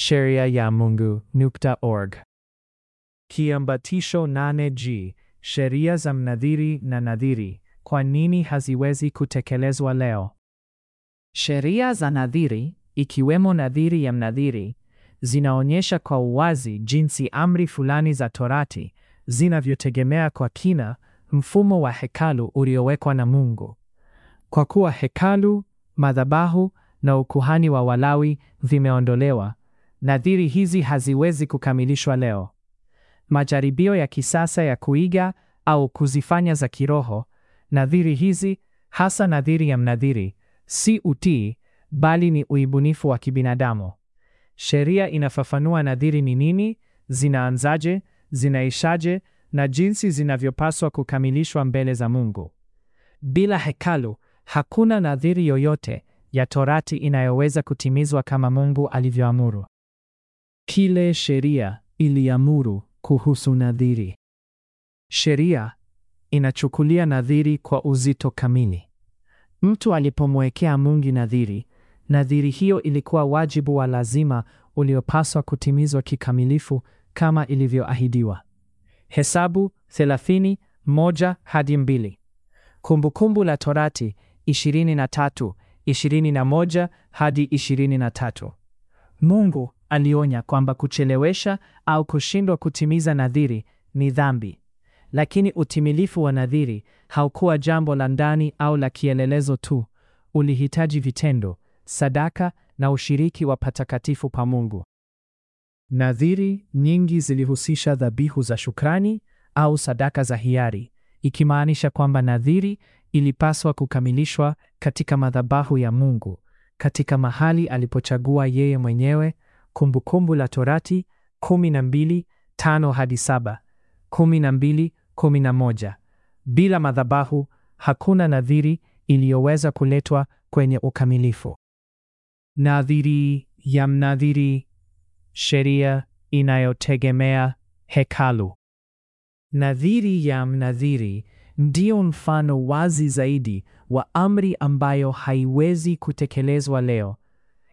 sheria ya Mungu nukta org. Kiambatisho 8G, sheria za mnadhiri na nadhiri, kwa nini haziwezi kutekelezwa leo? Sheria za nadhiri, ikiwemo nadhiri ya mnadhiri, zinaonyesha kwa uwazi jinsi amri fulani za Torati zinavyotegemea kwa kina mfumo wa hekalu uliowekwa na Mungu. Kwa kuwa hekalu, madhabahu na ukuhani wa Walawi vimeondolewa, Nadhiri hizi haziwezi kukamilishwa leo. Majaribio ya kisasa ya kuiga au kuzifanya za kiroho, nadhiri hizi, hasa nadhiri ya mnadhiri, si utii, bali ni uibunifu wa kibinadamu. Sheria inafafanua nadhiri ni nini, zinaanzaje, zinaishaje na jinsi zinavyopaswa kukamilishwa mbele za Mungu. Bila hekalu, hakuna nadhiri yoyote ya Torati inayoweza kutimizwa kama Mungu alivyoamuru. Kile sheria iliamuru kuhusu nadhiri. Sheria inachukulia nadhiri kwa uzito kamili. Mtu alipomwekea Mungu nadhiri, nadhiri hiyo ilikuwa wajibu wa lazima uliopaswa kutimizwa kikamilifu kama ilivyoahidiwa. Hesabu 30:1 hadi 2. Kumbukumbu la Torati 23:21 hadi 23. Mungu Alionya kwamba kuchelewesha au kushindwa kutimiza nadhiri ni dhambi, lakini utimilifu wa nadhiri haukuwa jambo la ndani au la kielelezo tu, ulihitaji vitendo, sadaka na ushiriki wa patakatifu pa Mungu. Nadhiri nyingi zilihusisha dhabihu za shukrani au sadaka za hiari, ikimaanisha kwamba nadhiri ilipaswa kukamilishwa katika madhabahu ya Mungu, katika mahali alipochagua yeye mwenyewe Kumbukumbu la Torati 12:5 hadi 7, 12:11. Bila madhabahu hakuna nadhiri iliyoweza kuletwa kwenye ukamilifu. Nadhiri ya mnadhiri, sheria inayotegemea hekalu. Nadhiri ya mnadhiri ndio mfano wazi zaidi wa amri ambayo haiwezi kutekelezwa leo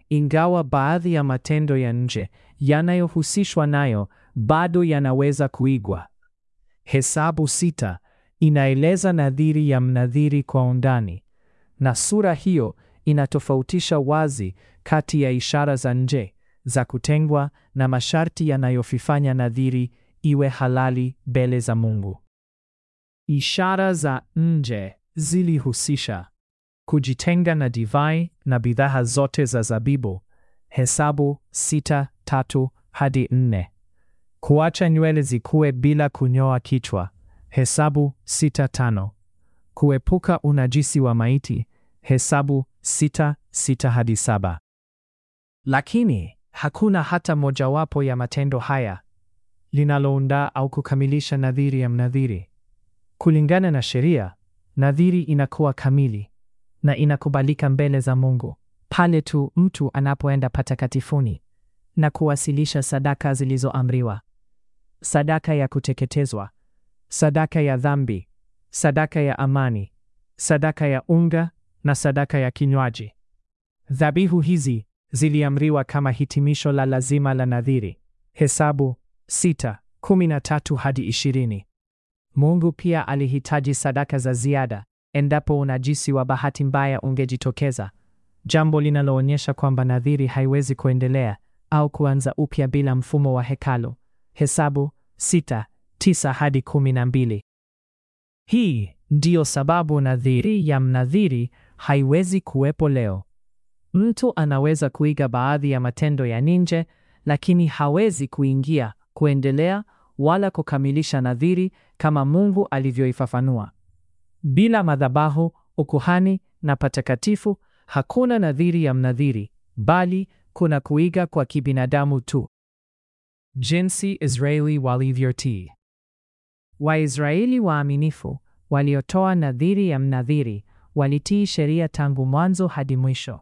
ingawa baadhi ya matendo ya nje yanayohusishwa nayo bado yanaweza kuigwa. Hesabu sita inaeleza nadhiri ya mnadhiri kwa undani, na sura hiyo inatofautisha wazi kati ya ishara za nje za kutengwa na masharti yanayofifanya nadhiri iwe halali mbele za Mungu. Ishara za nje zilihusisha kujitenga na divai na bidhaa zote za zabibu. Hesabu sita tatu hadi nne. Kuacha nywele zikue bila kunyoa kichwa. Hesabu sita tano. Kuepuka unajisi wa maiti. Hesabu sita sita hadi saba. Lakini hakuna hata mojawapo ya matendo haya linalounda au kukamilisha nadhiri ya mnadhiri. Kulingana na sheria, nadhiri inakuwa kamili na inakubalika mbele za Mungu pale tu mtu anapoenda patakatifuni na kuwasilisha sadaka zilizoamriwa: sadaka ya kuteketezwa, sadaka ya dhambi, sadaka ya amani, sadaka ya unga na sadaka ya kinywaji. Dhabihu hizi ziliamriwa kama hitimisho la lazima la nadhiri. Hesabu 6:13 hadi 20. Mungu pia alihitaji sadaka za ziada endapo unajisi wa bahati mbaya ungejitokeza, jambo linaloonyesha kwamba nadhiri haiwezi kuendelea au kuanza upya bila mfumo wa hekalu. Hesabu sita, hadi Hii ndiyo sababu nadhiri ya mnadhiri haiwezi kuwepo leo. Mtu anaweza kuiga baadhi ya matendo ya nje, lakini hawezi kuingia, kuendelea wala kukamilisha nadhiri kama Mungu alivyoifafanua. Bila madhabahu, ukuhani na patakatifu, hakuna nadhiri ya mnadhiri, bali kuna kuiga kwa kibinadamu tu. Jinsi Israeli walivyotii. Waisraeli waaminifu waliotoa nadhiri ya mnadhiri walitii sheria tangu mwanzo hadi mwisho.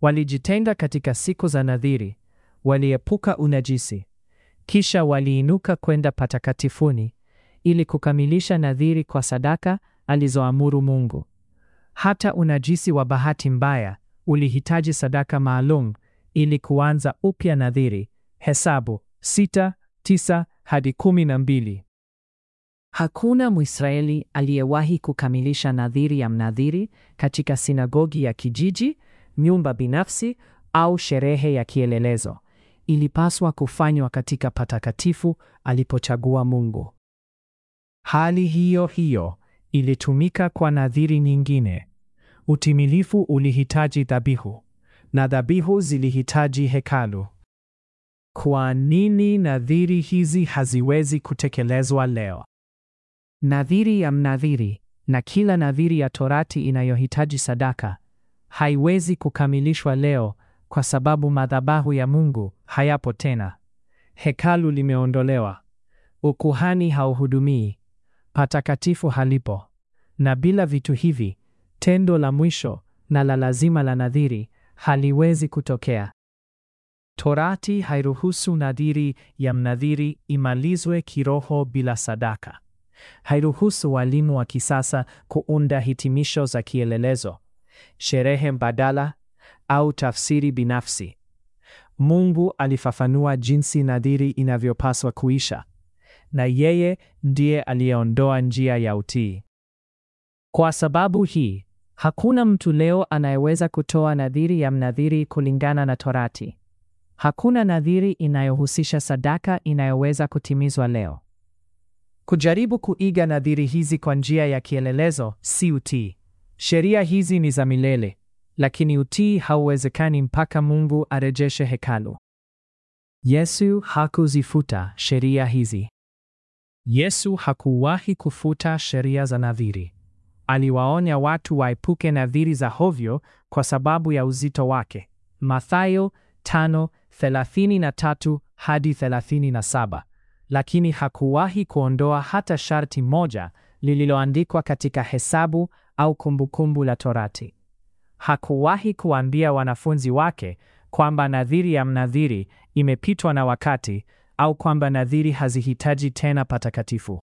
Walijitenga katika siku za nadhiri, waliepuka unajisi, kisha waliinuka kwenda patakatifuni ili kukamilisha nadhiri kwa sadaka alizoamuru Mungu. Hata unajisi wa bahati mbaya ulihitaji sadaka maalum ili kuanza upya nadhiri. Hesabu sita, tisa, hadi kumi na mbili. Hakuna Mwisraeli aliyewahi kukamilisha nadhiri ya mnadhiri katika sinagogi ya kijiji, nyumba binafsi au sherehe ya kielelezo. Ilipaswa kufanywa katika patakatifu alipochagua Mungu. Hali hiyo hiyo ilitumika kwa nadhiri nyingine. Utimilifu ulihitaji dhabihu na dhabihu zilihitaji hekalu. Kwa nini nadhiri hizi haziwezi kutekelezwa leo? Nadhiri ya mnadhiri na kila nadhiri ya Torati inayohitaji sadaka haiwezi kukamilishwa leo kwa sababu madhabahu ya Mungu hayapo tena. Hekalu limeondolewa. Ukuhani hauhudumii patakatifu halipo. Na bila vitu hivi, tendo la mwisho na la lazima la nadhiri haliwezi kutokea. Torati hairuhusu nadhiri ya mnadhiri imalizwe kiroho bila sadaka. Hairuhusu walimu wa kisasa kuunda hitimisho za kielelezo, sherehe mbadala au tafsiri binafsi. Mungu alifafanua jinsi nadhiri inavyopaswa kuisha na yeye ndiye aliyeondoa njia ya utii. Kwa sababu hii, hakuna mtu leo anayeweza kutoa nadhiri ya mnadhiri kulingana na Torati. Hakuna nadhiri inayohusisha sadaka inayoweza kutimizwa leo. Kujaribu kuiga nadhiri hizi kwa njia ya kielelezo si utii. Sheria hizi ni za milele, lakini utii hauwezekani mpaka Mungu arejeshe hekalu. Yesu hakuzifuta sheria hizi. Yesu hakuwahi kufuta sheria za nadhiri. Aliwaonya watu waepuke nadhiri za hovyo kwa sababu ya uzito wake. Mathayo 5:33 hadi 37. Lakini hakuwahi kuondoa hata sharti moja lililoandikwa katika Hesabu au Kumbukumbu la Torati. Hakuwahi kuambia wanafunzi wake kwamba nadhiri ya mnadhiri imepitwa na wakati au kwamba nadhiri hazihitaji tena patakatifu.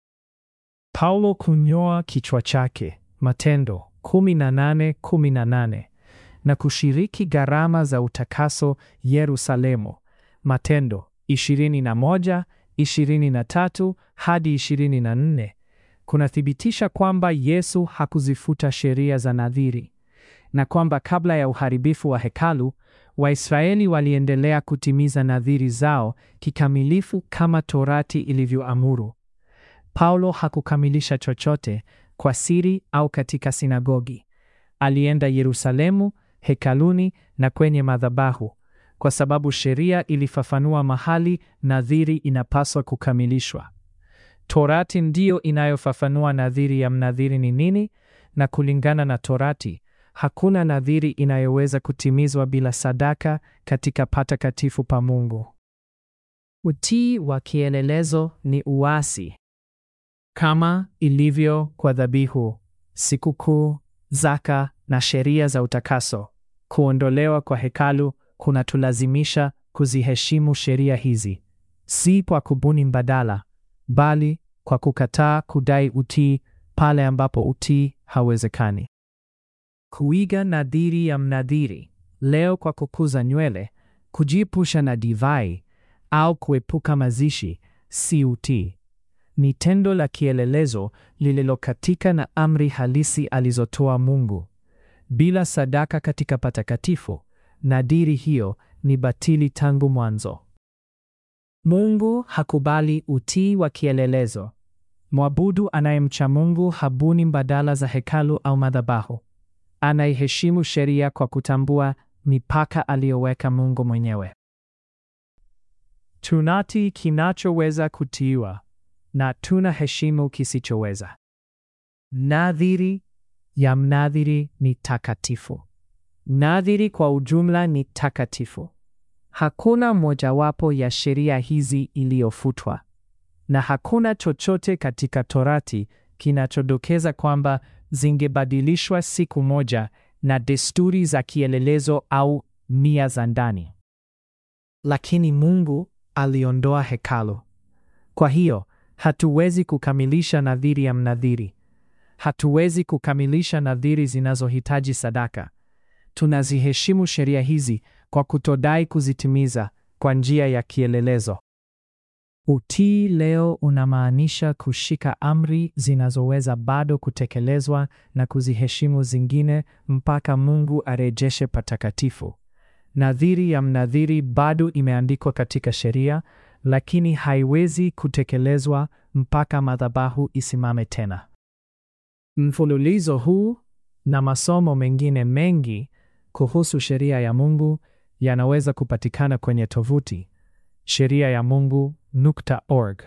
Paulo kunyoa kichwa chake, Matendo 18:18, na kushiriki gharama za utakaso Yerusalemu, Matendo 21:23 hadi 24 kunathibitisha kwamba Yesu hakuzifuta sheria za nadhiri na kwamba kabla ya uharibifu wa hekalu Waisraeli waliendelea kutimiza nadhiri zao kikamilifu kama Torati ilivyoamuru. Paulo hakukamilisha chochote kwa siri au katika sinagogi. Alienda Yerusalemu, hekaluni na kwenye madhabahu, kwa sababu sheria ilifafanua mahali nadhiri inapaswa kukamilishwa. Torati ndiyo inayofafanua nadhiri ya mnadhiri ni nini, na kulingana na Torati Hakuna nadhiri inayoweza kutimizwa bila sadaka katika patakatifu pa Mungu. Utii wa kielelezo ni uasi. Kama ilivyo kwa dhabihu, sikukuu, zaka na sheria za utakaso, kuondolewa kwa hekalu kunatulazimisha kuziheshimu sheria hizi, si kwa kubuni mbadala, bali kwa kukataa kudai utii pale ambapo utii hawezekani kuiga nadhiri ya mnadhiri, leo kwa kukuza nywele, kujiepusha na divai au kuepuka mazishi, si utii; ni tendo la kielelezo lililokatika na amri halisi alizotoa Mungu. Bila sadaka katika patakatifu, nadhiri hiyo ni batili tangu mwanzo. Mungu hakubali utii wa kielelezo. Mwabudu anayemcha Mungu habuni mbadala za hekalu au madhabahu. Anaiheshimu sheria kwa kutambua mipaka aliyoweka Mungu mwenyewe. Tunati kinachoweza kutiiwa na tunaheshimu kisichoweza. Nadhiri ya mnadhiri ni takatifu. Nadhiri kwa ujumla ni takatifu. Hakuna mojawapo ya sheria hizi iliyofutwa, na hakuna chochote katika Torati kinachodokeza kwamba zingebadilishwa siku moja na desturi za kielelezo au mia za ndani. Lakini Mungu aliondoa hekalu. Kwa hiyo hatuwezi kukamilisha nadhiri ya mnadhiri. Hatuwezi kukamilisha nadhiri zinazohitaji sadaka. Tunaziheshimu sheria hizi kwa kutodai kuzitimiza kwa njia ya kielelezo. Utii leo unamaanisha kushika amri zinazoweza bado kutekelezwa na kuziheshimu zingine mpaka Mungu arejeshe patakatifu. Nadhiri ya mnadhiri bado imeandikwa katika sheria, lakini haiwezi kutekelezwa mpaka madhabahu isimame tena. Mfululizo huu na masomo mengine mengi kuhusu sheria ya Mungu yanaweza kupatikana kwenye tovuti sheria ya Mungu Nuk.org